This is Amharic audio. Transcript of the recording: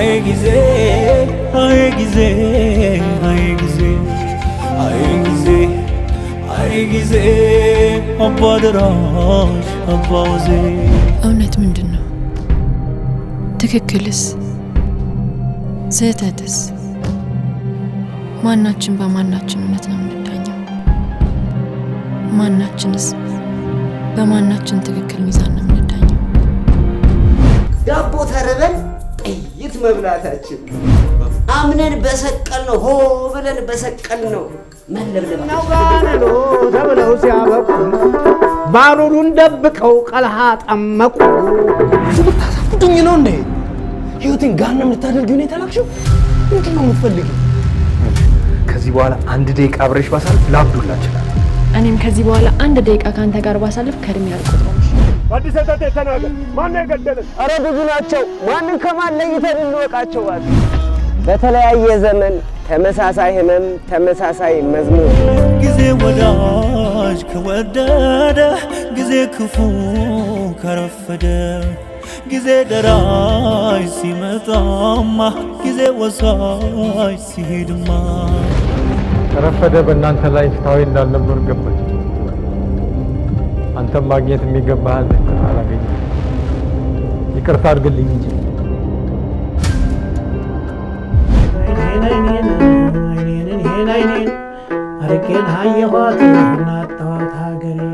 አይ ጊዜ አይ ጊዜ አይ ጊዜ አይ ጊዜ አይ ጊዜ አባ ደራሽ አባ ወዜ እውነት ምንድን ነው? ትክክልስ ስህተትስ? ማናችን በማናችን እውነት ነው የምንዳኘው? ማናችንስ በማናችን ትክክል ሚዛን ነው? መብላታችን አምነን በሰቀል ነው ሆ ብለን በሰቀል ነው መለብለብ ተብለው ሲያበቁ ባሩሩን ደብቀው ቀልሃ ጠመቁ። ስብታሳድኝ ነው እንደ ህይወትን ጋንም ልታደርጊ ሁኔታ ላክሽው ምንድን ነው የምትፈልጊ? ከዚህ በኋላ አንድ ደቂቃ አብረሽ ባሳልፍ ላብዱላ እኔም ከዚህ በኋላ አንድ ደቂቃ ከአንተ ጋር ባሳልፍ ከእድሜ አልቆጥረውም። አዲስ አበባ ተናገር። ማን የገደለን? ኧረ ብዙ ናቸው። ማንን ከማን ለይተን እንወቃቸው? በተለያየ ዘመን ተመሳሳይ ህመም፣ ተመሳሳይ መዝሙር። ጊዜ ወዳጅ ከወደደ ጊዜ ክፉ ከረፈደ ጊዜ ደራሽ ሲመጣማ ጊዜ ወሳሽ ሲሄድማ ከረፈደ በእናንተ ላይ ፍትሐዊ እንዳልነበር ገባኝ። አንተም ማግኘት የሚገባህን አላገኘም። ይቅርታ አድርግልኝ እንጂ አይኔን አየኋት እናጣኋት ሀገሬ